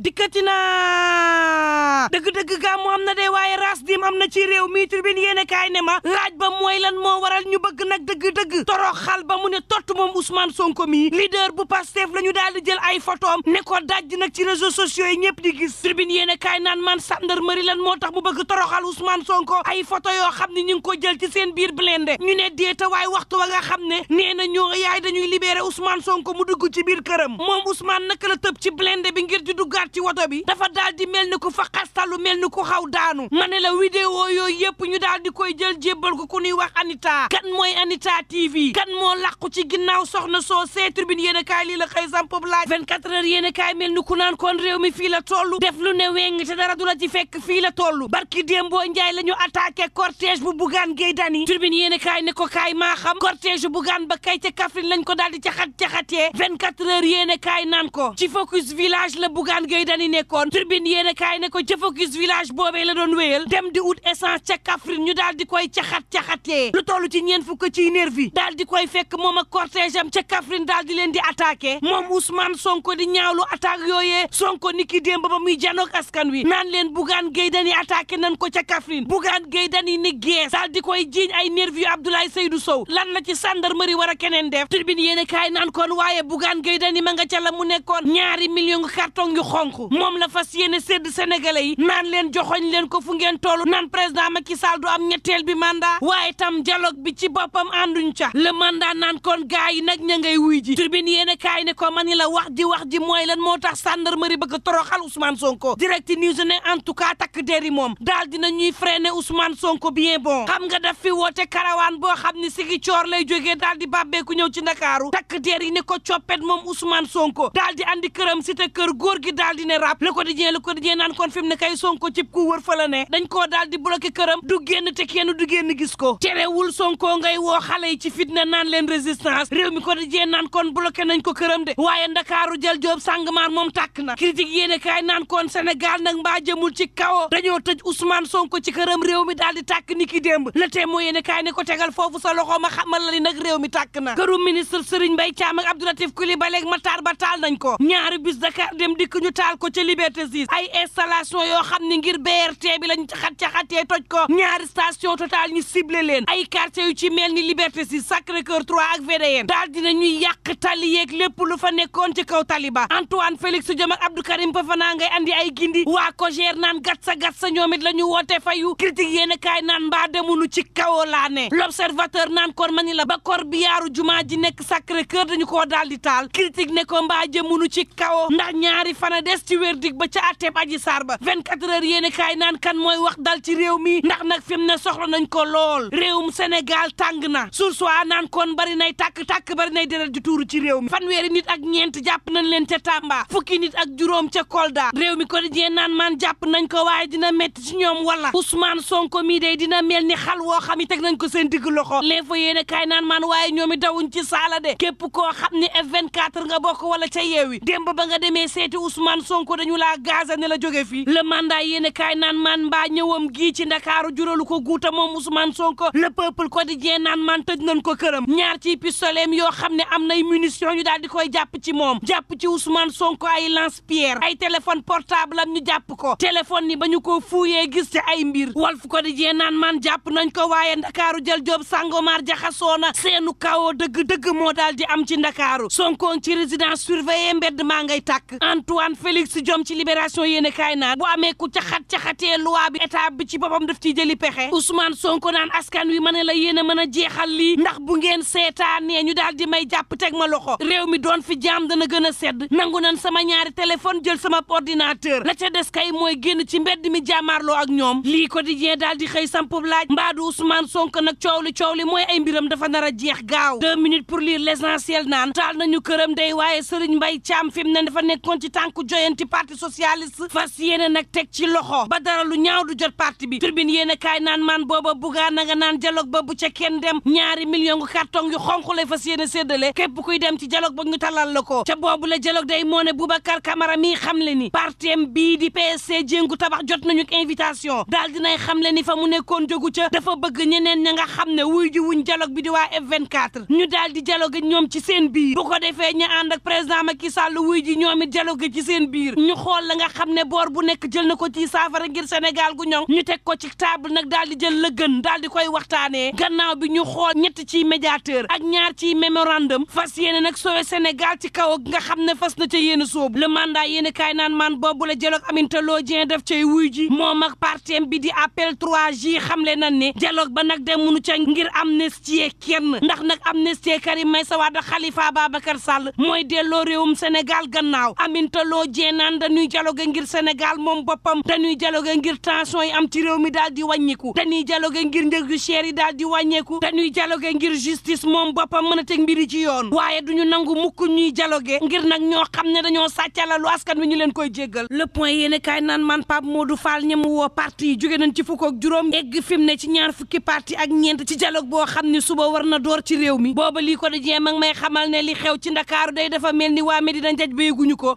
dikkati naa dëgg-dëgg gàmmu am na de waaye ras dim am na ci réew mi tribune yéene kaay ne ma laaj ba mooy lan moo waral ñu bëgg nag dëgg-dëgg toroxal ba mu ne tott moom Ousmane Sonko mii leader bu Pastef la ñu daal di jël ay photoom ne ko dajj nag ci réseaux sociaux yi ñëpp di gis tribune yéene kaay naan man gendarmerie lan moo tax mu bëgg toroxal Ousmane Sonko ay foto yoo xam ne ñu ngi ko jël ci seen biir blende ñu ne déeta waaye waxtu wa nga xam ne nee na ñoo yaay dañuy libéré Ousmane Sonko mu dugg ci biir këram moom Ousmane naka la ci blende bi ngir di ci woto bi dafa daal di mel ni ku fa xastalu mel ni ku xaw daanu ma ne la vidéo yooyu yëpp ñu daal di koy jël jébbal ko ku ñuy wax Anita kan mooy Anita TV kan moo làqu ci ginnaaw soxna soo see tribune yéen a kaay lii la xëy sam pop laaj 24 heures yéen a kaay mel ni ku naan ko réew mi fii la toll def lu ne weng te dara du la ci fekk fii la toll barki Dembo Njaay la ñu attaqué cortège bu Bougane Gueye Dany tribune yéen a kaay ne ko kaay maa xam cortège bu Bougane ba kay ca Kaffrine ko daal di caxat caxatee 24 heures yéen a kaay naan ko ci focus village la Bougane Gueye yooyu dañu a kaay ne ko jëfocus village boobee la doon wéyal dem di ñu daal di koy caxat-caxatee lu toll ci ñeen fukk di koy fekk moom ak cortège am ca Kaffrine di leen di attaqué moom Ousmane Sonko di ñaawlu attaque yooyee Sonko ni ki démb ba muy janook askan wi naan leen Bougane Gueye dañuy attaqué nan ko ca Kaffrine Bougane Gueye dañuy ni gees daal di koy jiiñ ay nervi yu Abdoulaye Sow lan la ci gendarmerie war a keneen def tribune yéen a kaay naan kon waaye Bougane Gueye dañuy ma nga ca la mu nekkoon ñaari million carton yu xool xonq moom la fas yéene sédd sénégalais yi naan leen joxoñ leen ko fu ngeen toll naan président Macky Sall du am ñetteel bi mandat waaye tam dialogue bi ci boppam ànduñ ca la mandat naan kon gars yi nag ña ngay wuy ji tribune yéen kaay ne ko mani la wax ji wax ji mooy lan moo tax gendarmerie bëgg toroxal Ousmane Sonko direct news ne en tout cas takk deri moom daal dina ñuy freiner Ousmane Sonko bien bon xam nga daf fi woote karawaan boo xam ni sigi coor lay jógee daal di bàbbeeku ñëw ci Ndakaaru takk der yi ne ko coppet moom Ousmane Sonko daal di ne rap le quotidien le quotidien naan kon fi mu ne kay Sonko cib ku wër fa la ne dañ koo daal di bloqué këram du génn te kenn du génn gis ko terewul Sonko ngay woo xale yi ci fitna naan leen résistance réew mi quotidien naan kon bloqué nañ ko këram de waaye ndakaaru jël joob sàngmaar moom tàkk na critique yéene kaay naan kon Sénégal nag mbaa ci kawo dañoo tëj Ousmane Sonko ci këram réew mi daal di tàkk ni ki démb le témoin yéene kaay ne ko tegal foofu sa loxo ma xamal la ni nag réew mi tàkk na këru ministre Serigne Mbaye Thiam ak Abdoulatif Ba taal nañ ko ñaari bis taal ko ca Liberté ay installation yoo xam ni ngir BRT bi lañ caxat caxatee toj ko ñaari station Total ñu ciblé leen ay quartier ci mel ni Liberté 6 Sacré-Cœur 3 ak VDN daal dina ñuy yàq tali yeeg lépp lu fa nekkoon ci kaw taliba Antoine Félix Diome ak Abdou Karim Fofana ngay indi ay gindi waa Cogère naan gatsa gatsa ñoom it la ñu woote fayu critique yéen a kaay naan mbaa demunu ci kawoo laa ne l'observateur naan kor mani la ba kor bi yaaru jumaa ji nekk Sacré-Cœur dañu koo daal di taal critique ne ko mbaa jëmunu ci kawo ndax ñaari fana des ci wér dig ba ca àtteeb aji saar ba 24 heures yéene kaay kan mooy wax dal ci réew mi ndax nag fi mu ne soxla nañ ko lool réewum Sénégal tàng na sursoi naan kon bari nay tàkk-tàkk bari nay deret ju tuur ci réew mi fan fanweeri nit ak ñeent jàpp nañ leen ca Tamba fukki nit ak juróom ca Kolda réew mi ko quotidien naan maan jàpp nañ ko waaye dina metti ci ñoom wala Ousmane Sonko mii day dina mel ni xal woo xam ne teg nañ ko seen digg loxo l'info y kaay naan maan waaye ñoom i dawuñ ci de képp koo xam ni F24 nga bokk wala ca yeewi démb ba Ousmane Sonko dañu la gaza ne la jóge fii le mandat yéene kaay naan man mbaa ñëwam gii ci ndakaaru juralu ko guuta moom Ousmane Sonko le peuple quotidien naan man tëj nañ ko këram ñaar ci pistoleem yoo xam ne am nay munition ñu daal di koy jàpp ci moom jàpp ci Ousmane Sonko ay lance pierre ay téléphone portable am ñu jàpp ko téléphone yi ba ñu ko fuuyee gis ci ay mbir Walf Quotidien naan man jàpp nañ ko waaye ndakaaru jël job sangomar jaxasoona seenu kawoo dëgg dëgg moo daal di am ci ndakaaru Sonko ci résidence surveillée mbedd maa ngay tàkk Félix Diome ci libération yéene kaay naan bu amee ku caxat caxatee loi bi état bi ci boppam daf ciy jëli pexe Ousmane Sonko naan askan wi ma ne la yéen a mën a jeexal lii ndax bu ngeen nee ñu daal di may jàpp teg ma loxo réew mi doon fi jaam dana gën a sedd nangu nan sama ñaari téléphone jël sama ordinateur na ca des kay mooy génn ci mbedd mi jàmmaarloo ak ñoom lii ko di daal di xëy sampub laaj mbaadu Ousmane Sonko nag coow li coow li mooy ay mbiram dafa nar a jeex gaaw deux minutes pour lire l'essentiel naan taal nañu këram day waaye Serigne Mbaye Thiam fi mu ne nekkoon ci tànku joyanti parti socialiste fas yéene nag teg ci loxo ba dara lu ñaaw du jot parti bi tribune yéen a kaay naan maan booba bugaan na nga naan dialogue ba bu ca kenn dem ñaari million ngu carton yu xonq lay fas seddale séddale képp kuy dem ci dialogue ba ñu talal la ko ca boobu la dialogue day moo ne Boubacar Camara mii xam le ni em bii di PSC jéngu tabax jot nañu invitation daal dinay xam le ni fa mu nekkoon jogu ca dafa bëgg ñeneen ña nga xam ne wuy ji wuñ dialogue bi di waa F24 ñu daal di dialogue ñoom ci seen biir ko ànd ak président Macky Sall wuy ji ñoom it dialogue ci seen biir ñu xool la nga xam ne boor bu nekk jël na ko ci saafara ngir Sénégal gu ñoŋ ñu teg ko ci table nag daal di jël la gën daal di koy waxtaanee gannaaw bi ñu xool ñett ci médiateur ak ñaar ci mémorandum fas yéene nag sowe Sénégal ci kaw nga xam ne fas na ca yéen soobu sóobu le mandat yéen kaay naan maan boobu la dialogue Aminata Lô Dieng def cay wuy ji mag ak partem bi di appel 3 xam le nañ ne dialogue ba nag dem munu ca ngir amnistie kenn ndax nag amnistie Karim Meïssa Wade Khalifa Ababacar Sall mooy delloo réewum Sénégal mujjee naan dañuy dialogue ngir Sénégal moom boppam dañuy dialogue ngir tension yi am ci réew mi daal di wàññiku dañuy dialogue ngir njëg yu cher yi daal di wàññeeku dañuy dialogue ngir justice moom boppam mën a teg mbiri ci yoon waaye du ñu nangu mukk ñuy dialogue ngir nag ñoo xam ne dañoo sàccalalu askan wi ñu leen koy jéggal le point yéen kaay naan man Pape Modou Fall ñemu woo parti yi jóge nañ ci fukk ak juróom egg fi mu ne ci ñaar fukki parti ak ñeent ci dialogue boo xam ne suba war na door ci réew mi booba lii ko dajee mag may xamal ne li xew ci Ndakaaru day dafa mel ni waa Medina Ndiaye béyguñu ko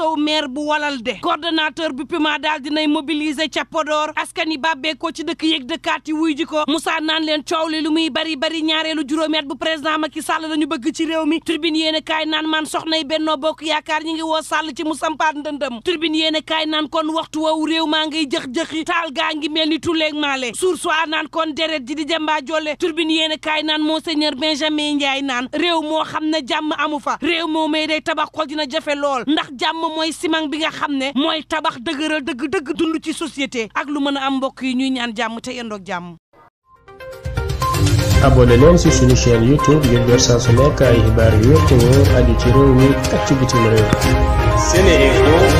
Sow maire bu Walalde coordonnateur bu Puma daal dinay mobiliser ca Podor askan yi bàbbeekoo ci dëkk yéeg dëkkaat yi wuy ji ko Moussa naan leen coow li lu muy bari bari ñaareelu juróomi at bu président Macky Sall lañu bëgg ci réew mi tribune yéene kaay naan man soxna yi Benno Bokk Yaakaar ñi ngi woo Sall ci mu sampaat ndëndëm tribune yéene kaay naan kon waxtu woowu réew maa ngay jëx-jëxi taal gaa ngi mel ni tulleeg maale source a naan kon deret ji di jambaa jolle tribune yéene kaay naan monseigneur Benjamin Ndiaye naan réew moo xam ne jàmm amu fa réew moo may day tabax ko dina jafe lool ndax moom mooy ciment bi nga xam ne mooy tabax dëgëral dëgg dëgg dund ci société ak lu mën a am mbokk yi ñuy ñaan jàmm te yendoog jàmm abonné leen ci suñu chaîne youtube ngir jot saa su nekk xibaar yu wér te wóor ci réew mi ak ci bitim réew